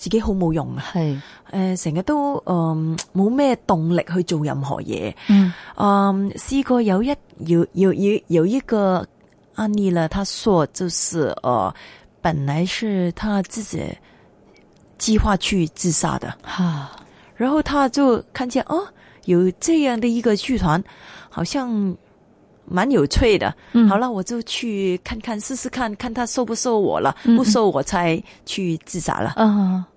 自己好冇用啊，係誒成日都誒冇咩動力去做任何嘢，嗯，誒試、嗯、過有一有有有一個案例咧，他說就是呃本來是他自己計劃去自殺的，哈、啊，然後他就看見哦，有這樣的一個劇團，好像蠻有趣的，嗯、好了，我就去看看試試看看他收不收我了，嗯、不收我才去自殺了，啊、嗯。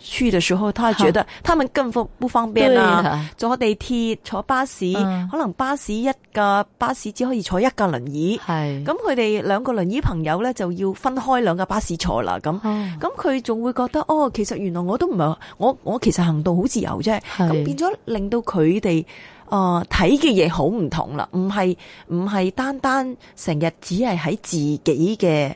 去嘅時候，他係覺得、啊、他們更方不方便啦，坐地鐵、坐巴士，啊、可能巴士一架巴士只可以坐一架輪椅。係咁是，佢哋兩個輪椅朋友咧就要分開兩架巴士坐啦。咁咁，佢仲、啊、會覺得哦，其實原來我都唔係我，我其實行動好自由啫。咁是變咗令到佢哋，啊！睇嘅嘢好唔同啦，唔係唔係單單成日只係喺自己嘅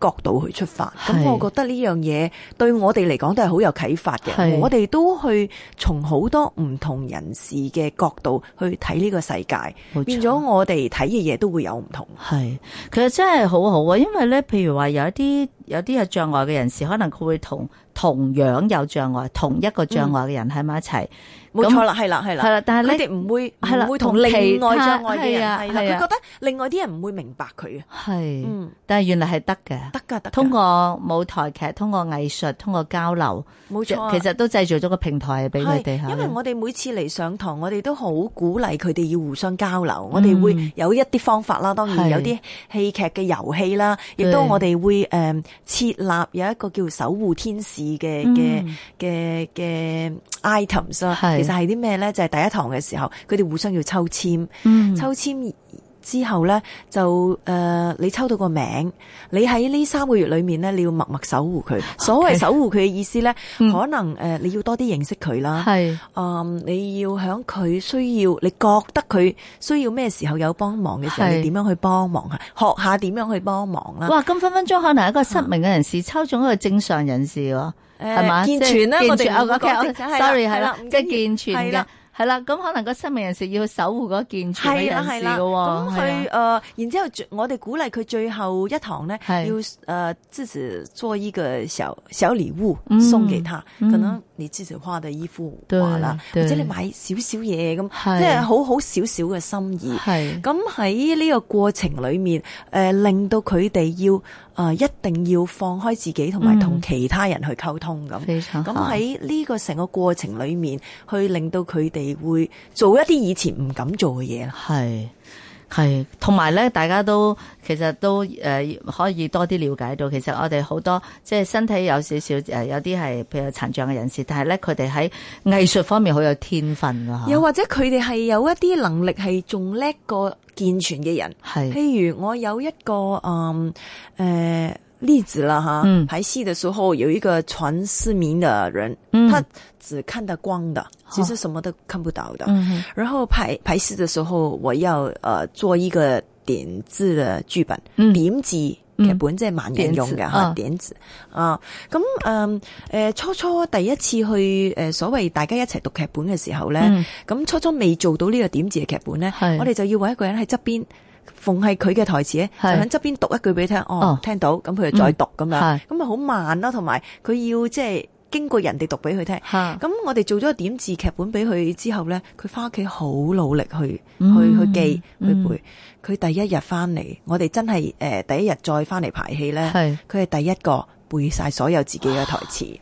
角度去出發，咁我覺得呢樣嘢對我哋嚟講都係好有啟發嘅。是我哋都去從好多唔同人士嘅角度去睇呢個世界，錯變咗我哋睇嘅嘢都會有唔同。係，其實真係好好啊，因為咧，譬如話有一啲。有啲有障礙嘅人士，可能佢會同同樣有障礙、同一個障礙嘅人喺埋一齊，冇錯啦，係啦，係啦，係啦，但係佢哋唔會係啦，會同另外障礙嘅人，係啦，佢覺得另外啲人唔會明白佢啊，係，嗯，但係原來係得嘅，得㗎，得。通過舞台劇、通過藝術、通過交流，冇錯，其實都製造咗個平台俾佢哋嚇。因為我哋每次嚟上堂，我哋都好鼓勵佢哋要互相交流，我哋會有一啲方法啦，當然有啲戲劇嘅遊戲啦，亦都我哋會誒設立有一個叫守護天使嘅嘅嘅嘅 items 啊是，其實係啲咩咧？就係、是、第一堂嘅時候，佢哋互相要抽籤，嗯、抽籤之後咧就誒，你抽到個名，你喺呢三個月裏面咧，你要默默守護佢。所謂守護佢嘅意思咧，可能誒，你要多啲認識佢啦。係，嗯，你要喺佢需要，你覺得佢需要咩時候有幫忙嘅時候，你點樣去幫忙啊？學下點樣去幫忙啦。哇，咁分分鐘可能一個失明嘅人士抽中一個正常人士喎，係嘛？健全啦，我哋阿個 sorry 係啦，即係健全係啦，咁可能個失明人士要守護嗰件係嘅係啦嘅喎，咁佢誒，然之後我哋鼓勵佢最後一堂咧，啊、要誒自己做呢個小小禮物、嗯、送給他，可能你自己畫嘅一幅畫啦，對或者你買少少嘢咁，即係對好好少少嘅心意。咁喺呢個過程裏面，誒、呃、令到佢哋要誒、呃、一定要放開自己，同埋同其他人去溝通咁。咁喺呢個成個過程裏面，去令到佢哋。你會做一啲以前唔敢做嘅嘢，係係同埋咧，大家都其實都誒、呃、可以多啲了解到，其實我哋好多即係身體有少少誒，有啲係譬如殘障嘅人士，但係咧佢哋喺藝術方面好有天分噶，又是或者佢哋係有一啲能力係仲叻過健全嘅人，係是譬如我有一個嗯誒。呃呃例子啦，哈！排戲的時候有一個全失明的人，他只看得光的，其實什麼都看不到的。然後排排戲的時候，我要誒做一個點字的劇本，點字劇本即係盲人用嘅，哈，點字。啊，咁誒誒，初初第一次去誒，所謂大家一齊讀劇本嘅時候咧，咁初初未做到呢個點字嘅劇本咧，我哋就要搵一個人喺側邊。逢係佢嘅台詞咧，是就喺側邊讀一句俾你聽哦，哦聽到咁佢、嗯、就再讀咁樣，咁咪好慢咯。同埋佢要即係、就是、經過人哋讀俾佢聽，咁是我哋做咗個點字劇本俾佢之後咧，佢翻屋企好努力去、嗯、去去記去背。佢、嗯、第一日翻嚟，我哋真係誒、呃、第一日再翻嚟排戲咧，佢係是第一個背晒所有自己嘅台詞。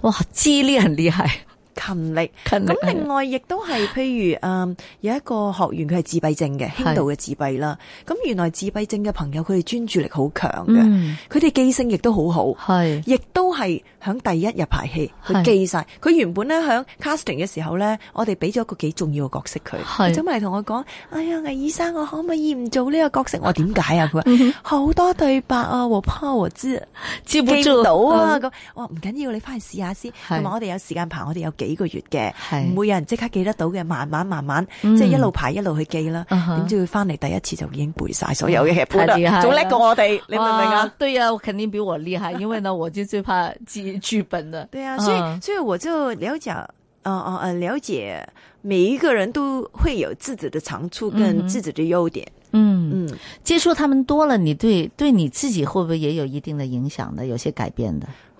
哇，知呢人啲係。勤力，勤力，咁另外亦都係，譬如嗯，有一個學員佢係自閉症嘅輕度嘅自閉啦。咁原來自閉症嘅朋友佢哋專注力好強嘅，佢哋記性亦都好好，係，亦都係響第一日排戲佢記晒。佢原本咧響 casting 嘅時候咧，我哋俾咗個幾重要嘅角色佢，佢走埋嚟同我講，哎呀，魏醫生，我可唔可以唔做呢個角色？我，點解啊？佢話好多對白啊，我怕我之記唔到啊咁。我話唔緊要，你翻去試下先。同埋我哋有時間排，我哋有幾個月嘅，係唔會有人即刻記得得到嘅，慢慢慢慢，嗯、即係一路排一路去記啦。點知佢返嚟第一次就已經背晒所有嘅嘢。本，仲叻過我哋，啊、你明唔明啊？對啊，我肯定比我厲害， 因為呢，我就最怕記劇本啦。對啊，所以所以我就了解，哦哦哦，了解每一個人都會有自己的長處跟自己的優點。嗯嗯，嗯嗯接觸他們多了，你對對你自己會不會也有一定的影響呢？有些改變的。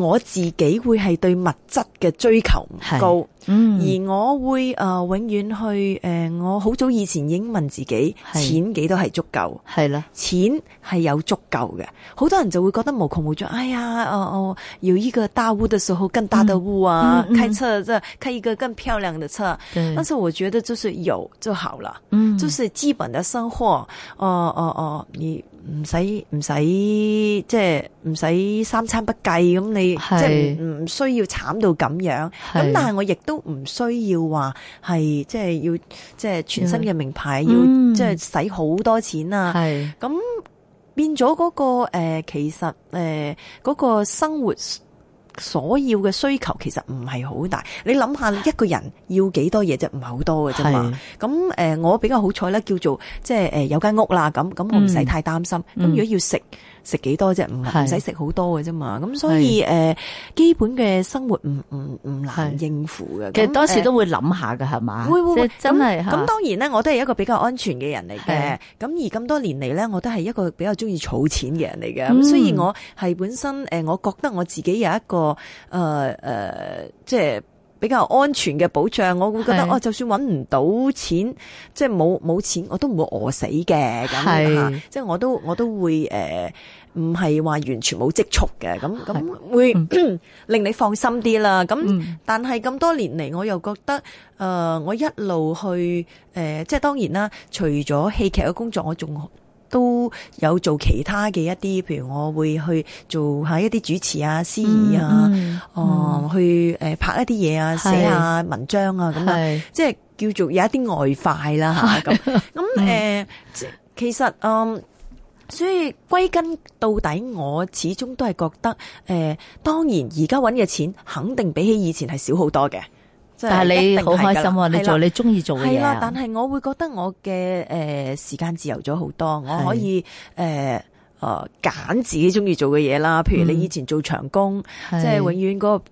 我自己會係對物質嘅追求唔高，嗯、而我會誒、呃、永遠去誒、呃，我好早以前已經問自己，是錢幾多係足夠？係啦的，錢係有足夠嘅，好多人就會覺得無窮無盡。哎呀，要、呃、依、呃、個大屋的時候，更大的屋啊，嗯嗯嗯、開車即係開一個更漂亮嘅車。對但是我覺得就是有就好了，嗯，就是基本的生活。哦哦哦，呃呃呃你唔使唔使，即係唔使三餐不計咁是你即是，即係唔需要慘到咁樣。咁但係我亦都唔需要話係，即係要即係全新嘅名牌要，嗯、要即係使好多錢啊。咁是變咗嗰、嗰個誒、呃，其實誒嗰、呃嗰個生活。所要嘅需求其實唔係好大，你諗下一個人要幾多嘢啫，唔係好多嘅啫嘛。咁誒是、呃，我比較好彩咧，叫做即係、即係呃、有間屋啦，咁咁我唔使太擔心。咁、嗯、如果要食，食幾多啫，唔唔使食好多嘅啫嘛，咁是所以誒是、呃，基本嘅生活唔唔唔難應付嘅。是那其實多時都會諗下㗎，係嘛、呃？吧會會會，真係。咁當然咧，我都係一個比較安全嘅人嚟嘅。咁是而咁多年嚟咧，我都係一個比較中意儲錢嘅人嚟嘅。咁、嗯、雖然我係本身誒、呃，我覺得我自己有一個誒誒、呃呃，即係。比較安全嘅保障，我會覺得是哦，就算揾唔到錢，即係冇冇錢，我都唔會餓死，嘅咁係，即係我都我都會誒，唔係話完全冇積蓄嘅咁咁，會的 令你放心啲啦。咁、嗯、但係咁多年嚟，我又覺得誒、呃，我一路去誒、呃，即係當然啦，除咗戲劇嘅工作，我仲。都有做其他嘅一啲，譬如我會去做下一啲主持啊、司儀、嗯嗯、啊，哦、嗯、去誒拍一啲嘢啊，寫下是文章啊，咁啊，即係叫做有一啲外快啦吓咁咁誒。呃、 其實嗯、呃，所以歸根到底，我始終都係覺得誒、呃，當然而家搵嘅錢肯定比起以前係少好多嘅。但係你好開心啊！的你做的你中意做嘅嘢係啦，但係我會覺得我嘅誒、呃、時間自由咗好多，是的 我可以誒哦揀自己中意做嘅嘢啦。譬如你以前做長工，即係、嗯、永遠嗰、嗰個。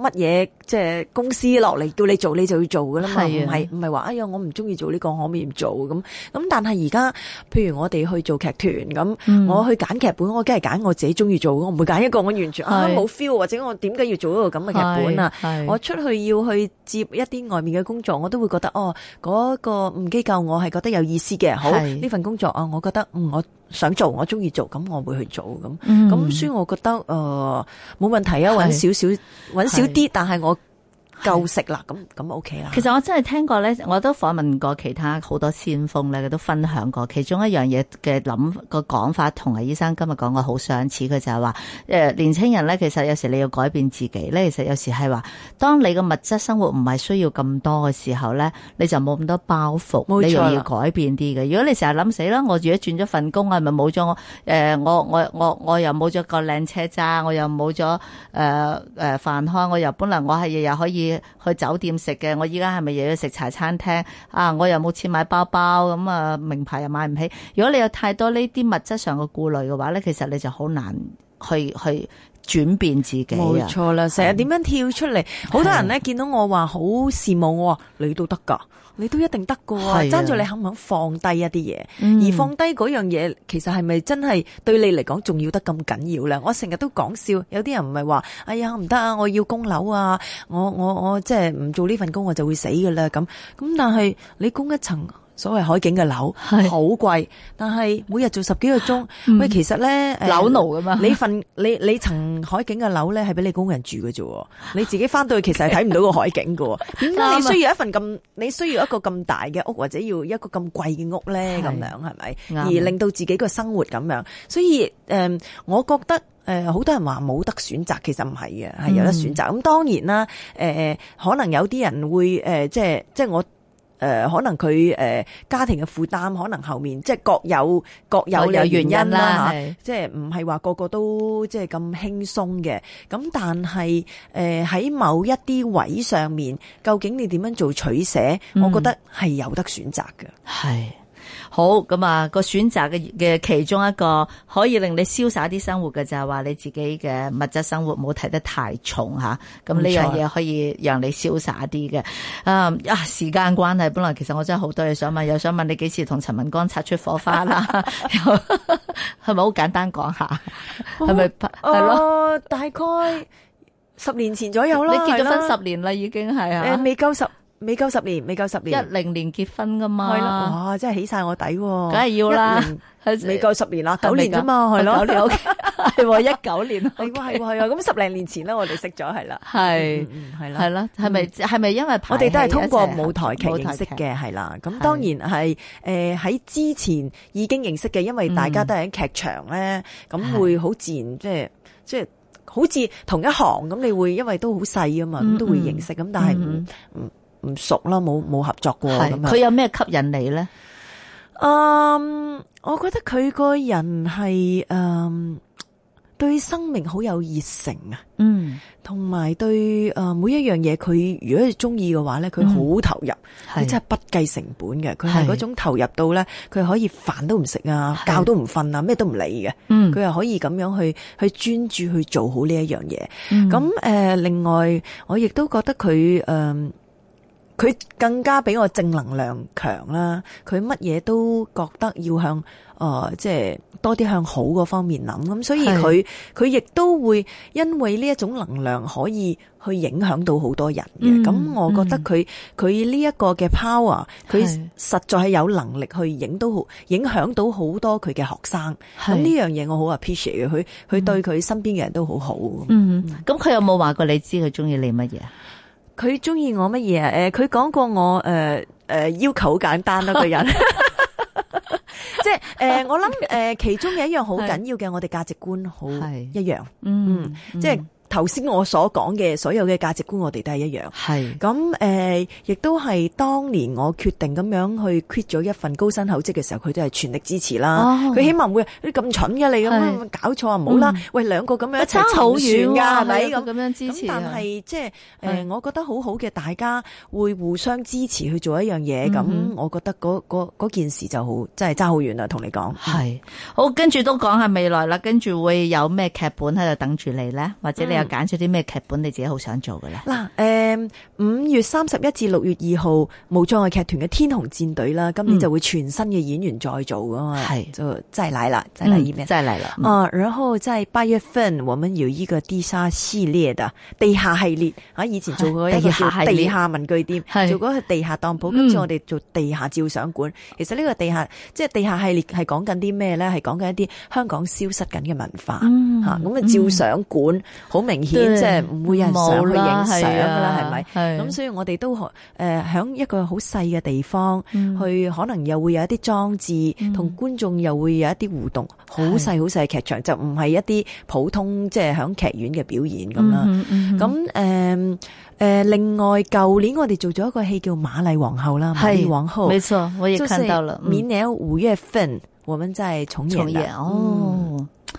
乜嘢即係公司落嚟叫你做，你就要做噶啦嘛，唔係唔係話哎呀我唔中意做呢、這個，我可唔可以唔做咁。咁但係而家，譬如我哋去做劇團咁，嗯、我去揀劇本，我梗係揀我自己中意做，我唔會揀一個我完全啊冇是的 feel，或者我點解要做一個咁嘅劇本啊？是的是的我出去要去。接一啲外面嘅工作，我都會覺得哦，嗰、那個唔機構我係覺得有意思嘅，好呢是 份工作啊、哦，我覺得嗯，我想做，我中意做，咁我會去做咁，咁、嗯、所以我覺得誒，冇、呃、問題啊，揾少少揾是 少啲，是 但係我。夠是食啦，咁咁 O K 啦。其實我真係聽過咧，我都訪問過其他好多先鋒咧，佢都分享過。其中一樣嘢嘅諗個講法同阿醫生今日講個好相似，佢就係話：年輕人咧，其實有時你要改變自己咧。其實有時係話，當你個物質生活唔係需要咁多嘅時候咧，你就冇咁多包袱。冇錯，你要改變啲嘅。如果你成日諗死啦，我如果轉咗份工啊，咪冇咗我誒誒我我我我又冇咗個靚車揸，我又冇咗誒誒飯開，我又本能。我係日日可以。去酒店食嘅，我依家係咪又要食茶餐廳啊？我又冇錢買包包咁啊，名牌又買唔起。如果你有太多呢啲物質上嘅顧慮嘅話呢，其實你就好難去去轉變自己。冇錯啦，成日點樣跳出嚟？好多人呢，嗯、是見到我話好羨慕我，你都得噶。你都一定得噶，爭住、啊，嗯、你肯唔肯放低一啲嘢，而放低嗰樣嘢，其實係咪真係對你嚟講重要得咁緊要咧？我成日都講笑，有啲人唔係話，哎呀唔得啊，我要供樓啊，我我我，我即係唔做呢份工，我就會死噶啦咁。咁但係你供一層。所謂海景嘅樓好貴，但係每日做十幾個鐘，喂、嗯，其實咧樓奴噶嘛？你份你你層海景嘅樓咧，係俾你工人住嘅啫，嗯、你自己翻到去其實係睇唔到個海景噶。點解 你需要一份咁，你需要一個咁大嘅屋，或者要一個咁貴嘅屋咧？咁樣係咪？是是嗯、而令到自己個生活咁樣，所以誒、呃，我覺得誒，好、呃、多人話冇得選擇，其實唔係嘅，係有得選擇。咁、嗯、當然啦，誒、呃、誒，可能有啲人會誒、呃，即係即係我。誒、呃，可能佢誒、呃、家庭嘅負擔，可能後面即係各，各有各有嘅原，原因啦，即係唔係話個個都即係咁輕鬆嘅。咁但係誒喺某一啲位上面，究竟你點樣做取捨，嗯、我覺得係有得選擇嘅。係。好咁啊，個選擇嘅嘅，其中一個可以令你瀟灑啲生活嘅就係話你自己嘅物質生活唔好睇得太重吓，咁呢樣嘢可以讓你瀟灑啲嘅。就是、不啊啊，時間關係，本來其實我真係好多嘢想問，又想問你幾時同陳文剛擦出火花啦？係咪好簡單講下？係咪、哦？係咯，啊、了大概十年前左右你啦，結咗婚十年啦、啊、已經係吓、呃，未夠十。未夠十年，未夠十年，一零年結婚噶嘛？哇，真係起晒我底，梗係要啦。未夠十年啦，九年咋嘛？係咯，係一九年。係喎，係喎，係啊！咁十零年前咧，我哋識咗係啦，係係啦，係咪係咪因為我哋都係通過舞台劇認識嘅，係啦。咁當然係誒喺之前已經認識嘅，因為大家都係喺劇場咧，咁會好自然，即係即係好似同一行咁，你會因為都好細啊嘛，咁都會認識咁，但係唔唔。唔熟啦，冇冇合作過咁樣，佢有咩吸引你呢？嗯，um, 我覺得佢個人係嗯、um, 對生命好有熱誠啊，嗯，同埋對誒每一樣嘢，佢如果中意嘅話呢，佢好投入，佢、嗯、真係不計成本嘅。佢係嗰種投入到呢，佢可以飯都唔食啊，覺是 都唔瞓啊，咩是 都唔理嘅，嗯，佢又可以咁樣去去專注去做好呢一樣嘢。咁誒、嗯呃，另外我亦都覺得佢誒。呃佢更加俾我正能量強啦，佢乜嘢都覺得要向誒、呃，即係多啲向好嗰方面諗，咁所以佢佢亦都會因為呢一種能量可以去影響到好多人嘅，咁、嗯、我覺得佢佢呢一個嘅 power，佢是實在係有能力去影響到好影響到好多佢嘅學生，咁呢是樣嘢我好 appreciate 嘅，佢佢對佢身邊嘅人都好好。嗯，咁佢、嗯、有冇話過你知佢中意你乜嘢？佢中意我乜嘢啊？佢、呃、講過我誒、呃呃、要求好簡單啦，個人， 即、呃、係我諗誒其中有一樣好緊要嘅，我哋價值觀好一樣，是嗯，即係。嗯頭先我所講嘅所有嘅價值觀，我哋都係一樣。咁誒，亦都係當年我決定咁樣去 quit 咗一份高薪厚職嘅時候，佢都係全力支持啦。佢起碼唔會咁蠢嘅你咁樣搞錯啊，唔好啦。喂，兩個咁樣一爭好遠㗎，係咪咁樣支持？但係即係誒，我覺得好好嘅，大家會互相支持去做一樣嘢。咁我覺得嗰嗰件事就好，真係爭好遠啦，同你講係好，跟住都講下未來啦。跟住會有咩劇本喺度等住你咧，或者你？又揀咗啲咩劇本？你自己好想做嘅咧？嗱、嗯，誒、嗯，五月三十一至六月二號，無障礙劇團嘅《天虹戰隊》啦，今年就會全新嘅演員再做啊，係、嗯、就真係嚟啦，真係嚟、真係嚟啦。啊，然後在八月份，我們有一個 D 系列地下系列，吓、啊、以前做過一個地下文具店，啊、做過個地下當鋪，是今次我哋做地下照相館。嗯、其實呢個地下即係、就是、地下系列係講緊啲咩咧？係講緊一啲香港消失緊嘅文化吓。咁、嗯啊、照相館好。嗯明顯即係唔會有人想去影相啦，係咪、啊？咁所以我哋都可誒，響一個好細嘅地方去，啊啊嗯嗯嗯、可能又會有一啲裝置，同觀眾又會有一啲互動。好細好細嘅劇場就唔係一啲普通即係響劇院嘅表演咁啦。咁誒誒，另外舊年我哋做咗一個戲叫《瑪麗皇后》啦，《瑪麗皇后》。后冇錯，我也看到了。免 i n 月份我們真係重演。重演哦。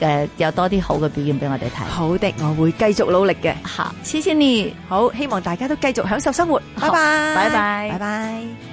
誒，有多啲好嘅表現俾我哋睇。好的，我會繼續努力嘅。哈，謝謝你。好，希望大家都繼續享受生活。拜拜，拜拜，拜拜，拜。